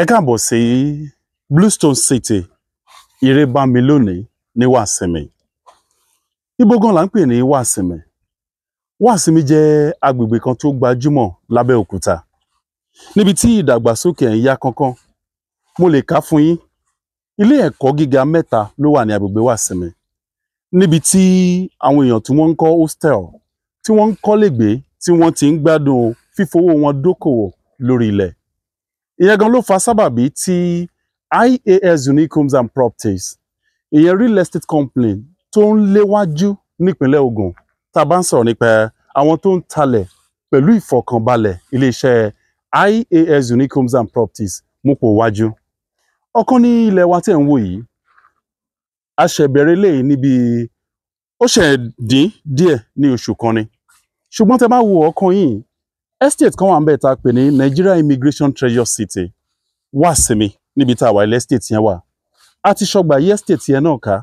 ẹ káàbọ̀ sí Bluestone City ire bá mi lónìí ní wàsímì ibo gan la ń pè ní wàsímì wàsímì jẹ́ agbègbè kan tó gbajúmọ̀ lábẹ́òkúta níbi tí ìdàgbàsókè ẹ̀ ń yá kánkán mo lè kà fún yín ilé ẹ̀kọ́ gíga mẹ́ta ló wà ní agbègbè wàsímì níbi tí àwọn èèyàn tí wọ́n ń kọ́ hostel tí wọ́n ń kọ́légbé tí wọ́n ti ń gbádùn fífowó wọn dókòwò lórí ilẹ̀ ìyẹn gan ló fa sábàbí tí IAS Unique Homes and Properties ìyẹn real estate company tó ń léwájú nípínlẹ̀ Ògùn tá a bá ń sọ̀rọ̀ nípa àwọn tó ń talẹ̀ pẹ̀lú ìfọ̀kànbalẹ̀ iléeṣẹ́ IAS Unique Homes and Properties mú pò wájú ọ̀kan ní ilẹ̀ wa tẹ̀ ń wò yìí a ṣẹ̀ níbi ó ṣẹ̀ dín díẹ̀ ní oṣù kan ni ṣùgbọ́n tẹ bá wo ọ̀kan yìí estate kan wà ń bẹ̀ tá a pè ní Nigeria Immigration Treasure City Wàsinmi níbi tá a wà ilé estate yẹn wà a ti ṣọgbà yí estate yẹn náà ká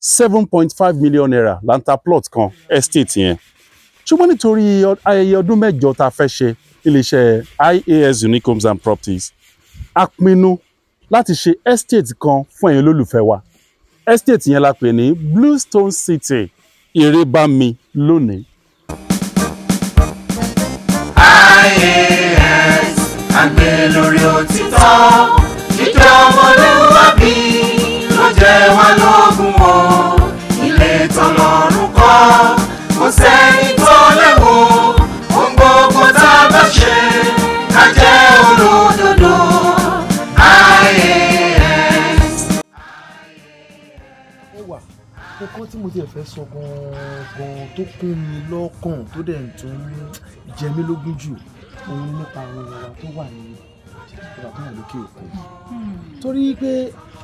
seven point five million naira lanta ń ta plot kan estate yẹn ṣùgbọ́n nítorí ayẹyẹ ọdún mẹ́jọ tá a fẹ́ ṣe iléeṣẹ́ IAS Unique Homes and Properties a pinnu láti ṣe estate kan fún ẹ̀yin olólùfẹ́ wa estate yẹn la pè ní Bluestone City Ìrẹ́bàmì lónìí IAS àgbè lórí òtítọ́ jíjọ́ ọmọlúwàbí ló jẹ́ wá lógún. nǹkan tí mo ti fẹ́ sọ gan-an tó kún mi lọ́kàn tó dẹ̀ tó ń jẹ mí lógún jù òun nípa àwọn ìwà tó wà ní ìjọba tó wà lókè òkun torí pé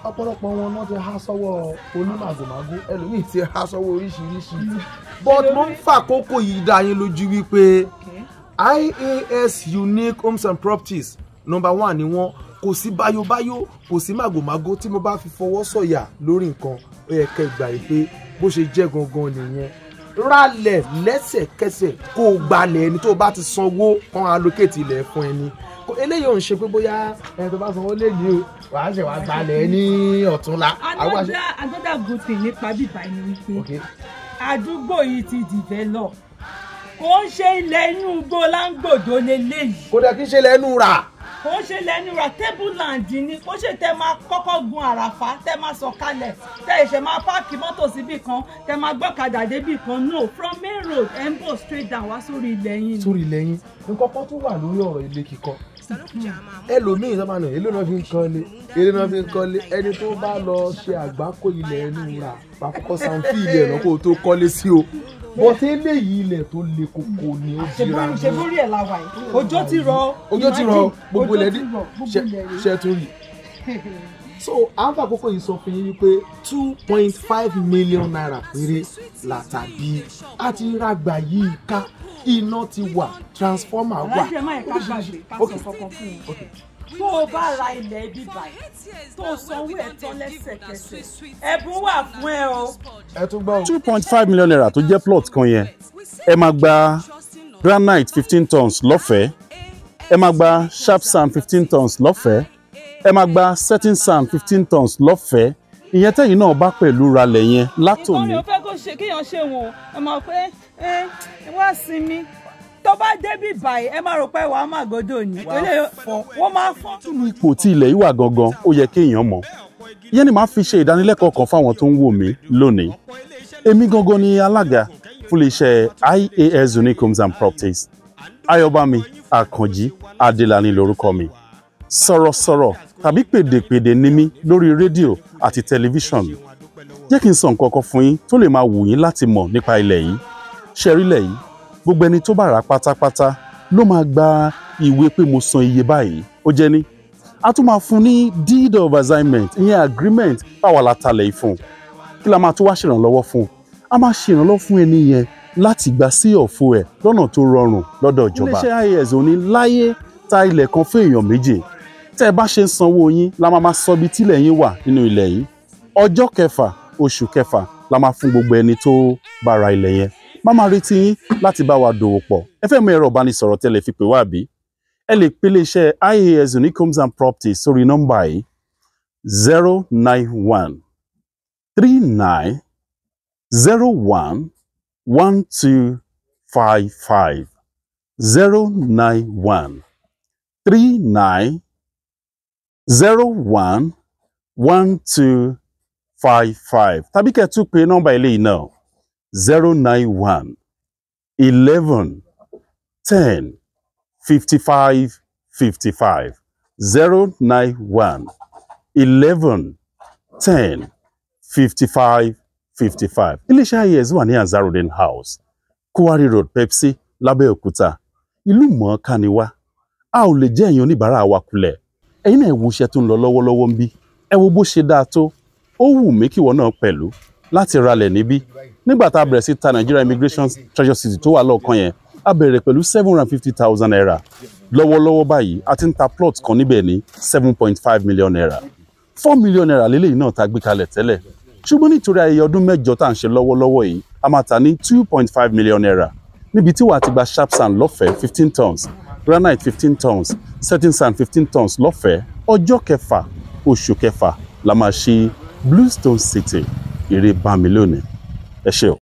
ọ̀pọ̀lọpọ̀ wọn náà ti há sọ́wọ́ onímàgòmágó ẹlòmíì ti há sọ́wọ́ oríṣiríṣi but mo ń fàkókò yìí dá yín lójú wípé IAS unique homes and properties number one ni wọ́n kò sí báyóbáyó kò sí màgòmágó tí mo bá fi fọwọ́ sọ̀yà lórí nǹkan ó yẹ kẹ́ gbà yìí pé bó ṣe jẹ́ gangan nìyẹn rálẹ̀ lẹ́sẹ̀kẹsẹ̀ kó gbalẹ̀ ẹni tó bá ti sanwó kan allocate ilẹ̀ fún ẹni eléyìí ò ń ṣe pé bóyá ẹni tó bá sanwó lè ní o wàá ṣe wàá gbalẹ̀ ní ọ̀túnla. another another nípa bíbá ẹni wípé àdúgbò yìí ti develop kò ń ṣe ilẹ̀ inú igbó láǹgbòdo lélẹ́yìí. kódà kí ń ṣe ilẹ̀ inú rà kò ṣe lẹ́nu ra tébùlàǹdì ni kò ṣe tẹ́ máa kọ́kọ́ gun àràfà tẹ́ máa sọ̀kalẹ̀ tẹ́ ẹ̀ṣẹ̀ máa páàkì mọ́tò síbì kan tẹ́ máa gbọ́kadà débì kan no from main road ẹ̀ ń bọ̀ straight down wá sórí ilẹ̀ yín. sórí ilẹ̀ yín nǹkan kan tún wà lórí ọ̀rọ̀ ilé kíkọ́ ẹlòmíì sábà nà èlò náà fi ń kọ́lé èlò náà fi ń kọ́lé ẹni tó bá lọ ṣe àgbákò ilẹ̀ ẹnu rà pàkọ́kọ́ sanfí ilẹ̀ ẹ̀nà kó tó kọ́lé sí o bọ́tí eléyìí ilẹ̀ tó le koko ni ó jira mú. ṣe bórí ẹ̀ la yìí òjò ti rọ̀ òjò ti rọ̀ gbogbo ilẹ̀ dí ṣẹ́túrì so alpha kókó yìí sọ fún yín wípé two point five million naira péré làtàbí àti ràgbà yìí ká iná ti wà transformer wà. ok ok tó o bá ra ilẹ̀ ibi báyìí tó o sanwó ẹ̀ lẹ́sẹ̀kẹsẹ̀ ẹ̀bùn wà fún ẹ o. ẹ tún gbọ́. two point five million naira tó jẹ́ plot kan yẹn ẹ máa gba granite fifteen tons lọ́fẹ̀ẹ́ ẹ máa gba sharp sand fifteen tons lọ́fẹ̀ẹ́ ẹ máa gba setting sand fifteen tons lọ́fẹ̀ẹ́ ìyẹn tẹ́yìn náà bá pẹ̀lú ralẹ̀ yẹn látòmí. ìkọ́ni o fẹ́ kó ṣe kéèyàn ṣe wọn ẹ máa fẹ́ ẹ eh, wá sinmi tó bá débi báyìí ẹ má rò pé wàá má gbọ́dọ̀ ni wọ́n máa fọ́. ipò tí ilẹ̀ yìí wà gangan ó yẹ kéèyàn mọ̀ ìyẹn ni màá fi ṣe ìdánilẹ́kọ̀ọ́ kan fáwọn tó ń wò mí lónìí èmi gangan ni alága fún iléeṣẹ́ IAS Unique Homes and Properties Ayọ̀bámi Àkànjí Adélani lórúkọ mi sọ̀rọ̀sọ̀rọ̀ tàbí pèdèpèdè ni mí lórí rédíò àti tẹlifíṣàn jẹ́ kí n sọ nǹkan kan fún yín tó lè máa wù yín láti mọ̀ nípa ilẹ̀ yìí ṣẹ́rílẹ̀ yìí gbogbo ẹni tó bá rà pátápátá ló máa gba ìwé pé mo san iye báyìí ó jẹ́ ní a tún máa fún ní deed of assignment ìyẹn agreement báwa la talẹ̀ yìí fún un kí la máa tún wá ṣèrànlọ́wọ́ fún un a máa ṣèrànlọ́wọ́ fún ẹni yẹn láti gba sí ọ̀fọ̀ ẹ̀ lọ́nà tó rọrùn lọ́dọ̀ ìjọba iléeṣẹ́ ias ò ní láyé ta ilẹ̀ kan fún èèyàn méje tẹ́ ẹ bá ṣe ń sanwó yín la máa máa sọ ibi tílẹ̀ yín wà nínú ilẹ̀ yìí ọjọ́ kẹfà oṣù kẹfà la máa fún gbogbo ẹni tó bá ilẹ̀ yẹn má máa retí yín láti bá wa dòwò pọ̀ ẹ fẹ́ mú ẹ̀rọ ìbánisọ̀rọ̀ tẹ́lẹ̀ fi pè wá bí ẹ lè pe iléeṣẹ́ ias unicoms and properties sórí nọ́mbà yìí zero nine one three nine zero one one two five five zero nine one three nine zero one one two five five tàbí kẹ́ẹ̀ tún pe nọ́mbà eléyìí náà zero nine one eleven ten fifty five fifty five zero nine one eleven ten fifty five fifty five iléeṣẹ́ IAS e wà ní Ansarudeen House Quarry Road Pepsi Lábẹ́òkúta ìlú mọ̀ọ́ká ni wá a ò lè jẹ́ ẹ̀yin oníbàárà wa kulẹ̀ ẹ̀yin náà ẹ wo iṣẹ́ tó ń lọ lọ́wọ́lọ́wọ́ ń bí ẹ wo bó ṣe dáa tó ó wù mí kíwọ náà pẹ̀lú láti ralẹ̀ níbí nígbà tá a bẹ̀rẹ̀ sí ta Nigeria Immigration Treasure City tó wà lọ́ọ̀kan yẹn a bẹ̀rẹ̀ pẹ̀lú seven hundred fifty thousand naira lọ́wọ́lọ́wọ́ báyìí a ti ń ta plot kan níbẹ̀ ní seven point five million naira four million naira lélẹ́yìn náà ta gbé kalẹ̀ tẹ́lẹ̀ ṣùgbọ́n nítorí ayẹyẹ ọdún mẹ́jọ tá à ń ṣe lọ́wọ́lọ́wọ́ yìí a máa ta ní two point five million naira níbi tí wàá ti gba sharp sand lọ́fẹ̀ẹ́ fifteen tons granite fifteen tons setting sand fifteen tons lọ́fẹ̀ẹ́ ọjọ́ kẹfà oṣù kẹfà la máa ṣí Bluestone City ire bá mi lónìí ẹ ṣé o.